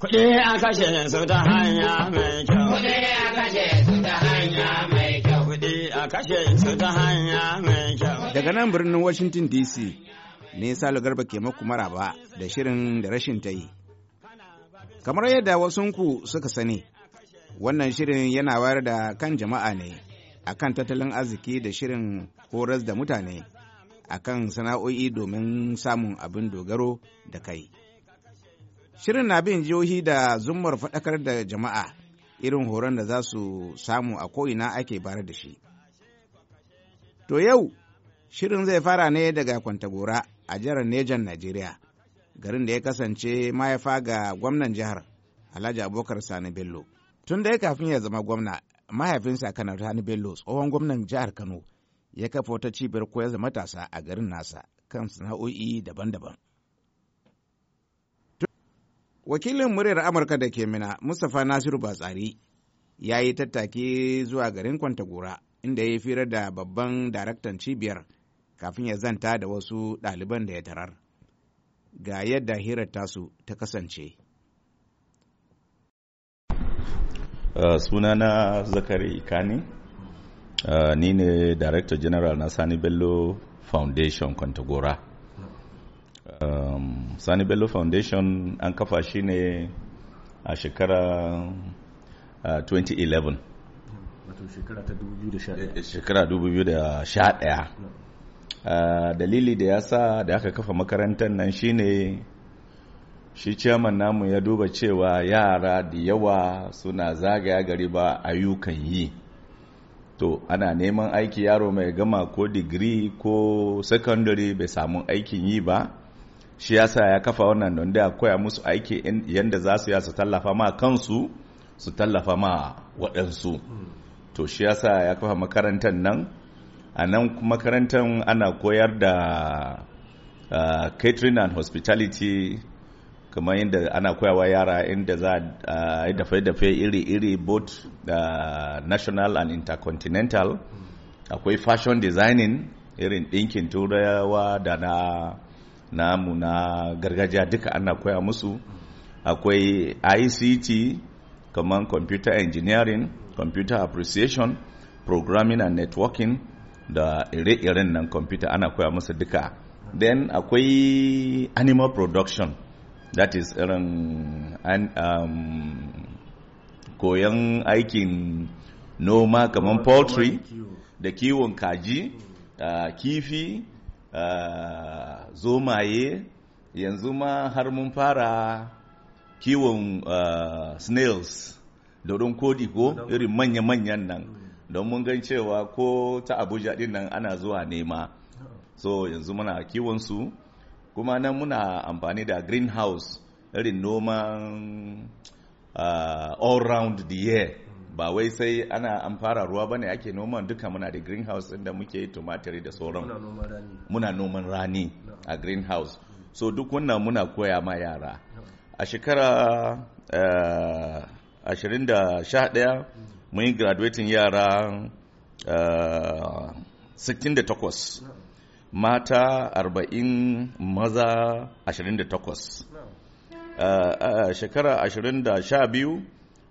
Kuɗi a kashe su ta hanya mai kyau. Kuɗi a kashe su ta hanya mai kyau. Kuɗi a kashe su ta hanya mai kyau. Daga nan birnin Washington DC ne Salo Garba ke maku maraba da shirin da rashin ta yi. Kamar yadda wasunku suka sani, wannan shirin yana wayar da kan jama'a ne a kan tattalin arziki da shirin horas da mutane a kan sana'o'i domin samun abin dogaro da kai. Shirin na bin jihohi da zummar faɗakar da jama'a irin horon da za su samu a ko'ina ake bayar da shi. To yau, shirin zai fara ne daga Kwantagora a jihar Nejan Najeriya, garin da ya kasance mahaifa ga gwamnan jihar Alhaji abokar Sani Bello. Tun da ya kafin ya zama gwamna, mahaifinsa Kanar Sani Bello tsohon gwamnan jihar Kano ya kafa wata cibiyar koyar da matasa a garin nasa kan sana'o'i daban-daban. Wakilin muryar Amurka da ke mina Mustapha Nasiru Batsari ya yi tattaki zuwa garin Kwantagora inda ya yi fira da babban daraktan cibiyar kafin ya zanta da wasu ɗaliban da ya tarar. Ga yadda hirar tasu ta kasance. Uh, sunana Zakari Kani, uh, ni ne Director General na Sani Bello Foundation Kwantagora. Um, Sani Bello Foundation an kafa shi ne a shekara uh, 2011. Wato shekara ta 2011. Eh, eh, shekara 2011. Uh, dalili da ya sa da aka kafa makarantar nan shi ne shi ciyaman namu ya duba cewa yara da yawa suna zagaya gari ba ayyukan yi. to ana neman aiki yaro mai gama ko digiri ko secondary bai samu aikin yi ba shi yasa ya kafa wannan don da koya musu aiki yadda za su yasa tallafa ma kansu su tallafa ma waɗansu to shi yasa ya kafa makarantar nan a nan makarantar ana koyar da uh, catering and hospitality kamar yadda ana koyawa yara inda za a yi dafe-dafe iri-iri both da national and intercontinental akwai fashion designing irin ɗinkin turawa da na namu na gargajiya duka ana koya musu akwai ict kamar computer engineering computer appreciation programming and networking da ire-iren nan computer ana koya musu duka then akwai animal production that is irin um, koyon aikin noma kamar poultry da kiwon kaji uh, kifi Ah, zomaye yanzu ma har mun fara kiwon ah, snails doron kodi ko irin manya-manyan nan don mun gan cewa ko ta abuja din nan ana zuwa nema so yanzu muna kiwon su kuma nan muna amfani da greenhouse irin noman ah, all round the year ba wai sai ana an fara ruwa bane ake noman duka muna da greenhouse inda muke tumatiri da sauran muna noman rani a greenhouse so duk wannan muna koya ma yara a eh, mm. eh, eh, shekara ashirin da sha ɗaya mun yi graduating yara 68 mata 40 maza 28 shekara 2012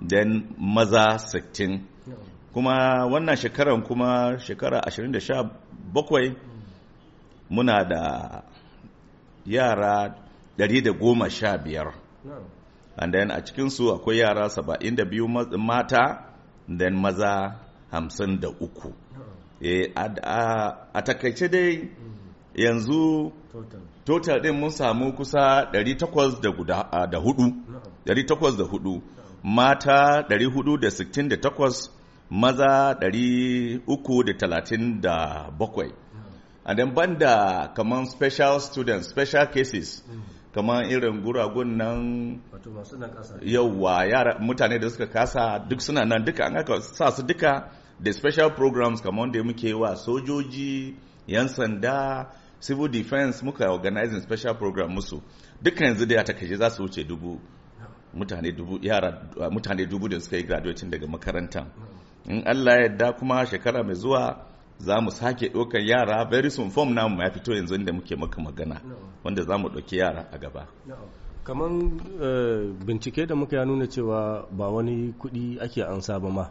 dan maza 60 kuma wannan shekaran kuma shekara 27 muna da yara 115 and then a cikinsu akwai yara 72 mata dan maza 53 e, eh, a, takaice dai yanzu total din mun samu kusa 804 804 mata 468 maza 337 and then banda kaman special students special cases kaman irin guragun nan yawwa yara mutane da suka kasa duk suna nan duka an aka sa su duka da special programs kaman da muke wa sojoji yan sanda civil defense muka organizing special program musu dukkan yanzu da ya takaje za su wuce dubu mutane dubu yara mutane dubu da suka yi graduating daga makaranta in Allah ya yarda kuma shekara mai zuwa za mu sake ɗaukar yara very soon form namu ya fito yanzu inda muke maka magana wanda za mu ɗauki yara a gaba kamar eh, bincike da muka ya nuna cewa ba wani kuɗi ake ansa ba ma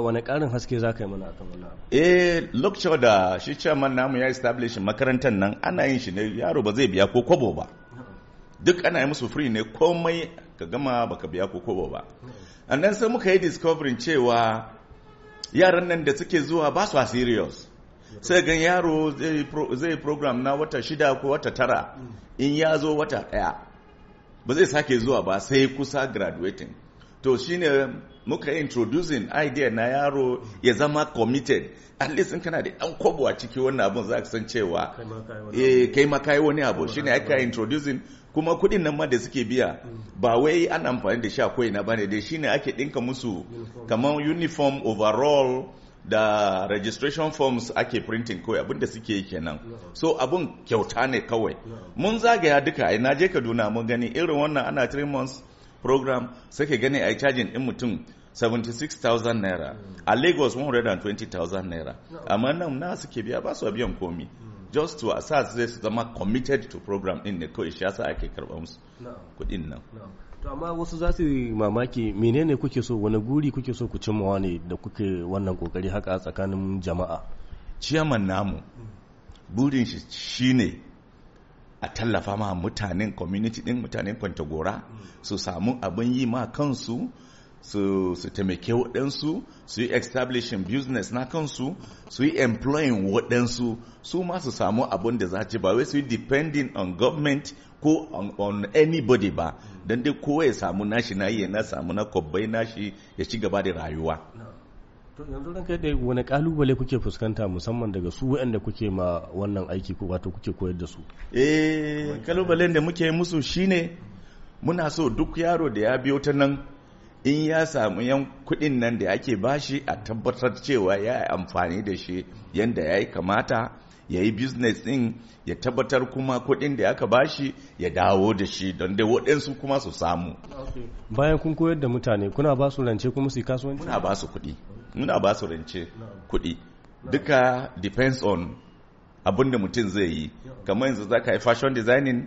wani ƙarin haske za ka yi mana akan wannan eh lecture da shi chairman namu ya establish makarantar nan ana yin shi ne yaro ba zai biya ko kwabo ba duk ana yi musu free ne komai ka gama baka biya ko kobo ba and sai muka yi discovering cewa yaran nan da suke zuwa ba su serious sai gan yaro zai program na wata shida ko wata tara in ya zo wata daya ba zai sake zuwa ba sai kusa graduating to shine muka introducing idea na yaro ya zama committed at least in kana da dan a ciki wannan abun za ka san cewa eh kai ma eh, kai wani abu shine aka introducing kuma kudin nan ma da suke biya ba wai an amfani da sha koyi na bane da shi ne ake dinka musu kamar uniform overall da registration forms ake printing kawai abinda suke yi kenan so abun kyauta ne kawai mun zagaya duka ai na je kaduna mun gani irin wannan ana three months program sai ganin gani ai charging din mutum 76,000 naira mm. a lagos 120,000 naira amma nan na suke biya ba su biyan komi mm. just to sa zai su zama committed to program din ne kawai shi yasa ake karɓar musu kuɗin nan to amma wasu za su mamaki menene kuke so wani guri kuke so ku cimmawa ne da kuke wannan kokari haka tsakanin jama'a ciyaman namu mm. burin shi shine a tallafa ma mutanen community din mutanen kwantagora mm. su samu abin yi ma kansu su su taimake waɗansu su yi establishing business na kansu su yi employing waɗansu su ma su samu abun da za ci ba wai su yi depending on government ko on, on anybody ba don dai kowa ya samu nashi na iya na samu na kwabbai nashi ya ci gaba da rayuwa yanzu ranka da wani kalubale kuke fuskanta musamman daga su waɗanda kuke ma wannan aiki ko wato kuke koyar da su eh kalubalen da muke musu shine muna so duk yaro da ya biyo ta nan in ya samu yan kuɗin nan da ake bashi a tabbatar cewa ya yi amfani da shi yadda ya yi kamata ya yi business ɗin ya tabbatar kuma kuɗin da aka bashi ya dawo da shi don dai waɗansu kuma su samu bayan kun koyar da mutane kuna ba su rance kuma su kasuwanci muna ba su kuɗi muna ba su rance kuɗi duka depends on abin da mutum zai yi kamar yanzu za ka yi fashion designing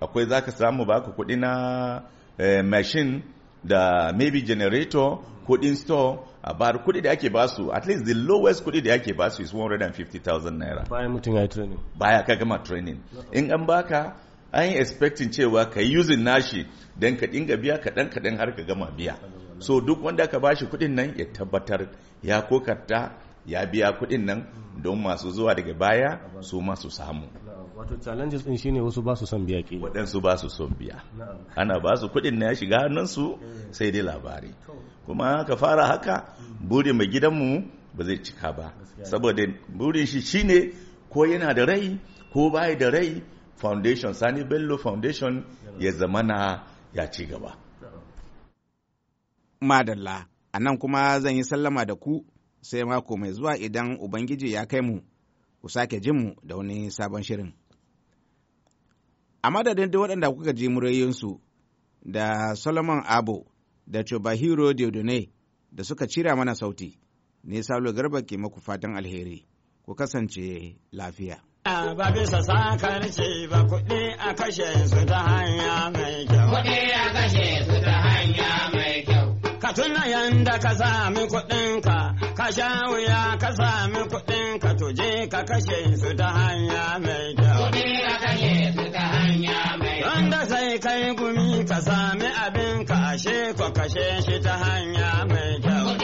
akwai za ka samu ba ka kuɗi na eh, machine da maybe generator kudin store a uh, bar kudi da ake basu at least the lowest kudi da ake basu is 150,000 naira bayan mutum ya yi training baya ka gama training in an baka an yi expecting cewa ka yi using nashi don ka dinga biya kaɗan kaɗan har ka gama biya so duk wanda ka bashi kudin nan ya tabbatar ya kokarta ya biya kudin nan mm. don masu zuwa daga baya su masu samu wato challenges din shine wasu ba su son biya ke waɗansu ba su son biya ana ba su kuɗin na ya shiga hannunsu eh. sai dai labari kuma ka fara haka burin mai gidanmu ba zai cika ba saboda burin shi shine ko yana da rai ko bai da rai foundation sani bello foundation ya zamana ya ci gaba madalla a nan kuma zan yi sallama da ku sai mako mai zuwa idan ubangiji ya kai mu ku sake jinmu da wani sabon shirin. A madadin duk waɗanda kuka ji murayinsu da Solomon Abo da Chobahiro Diodone da suka cira mana sauti, ne Salo Garba ke maku fatan alheri, ku kasance lafiya. Ba bisa ba kuɗi a kashe su ta hanya mai kyau. Kuɗi a kashe su ta hanya ka tuna yanda ka sami kuɗinka, ka sha wuya ka sami kuɗinka tuje ka kashe su ta hanya mai kyau. Wanda sai kai gumi ka sami abin ka ashe ko kashe shi ta hanya mai kyau.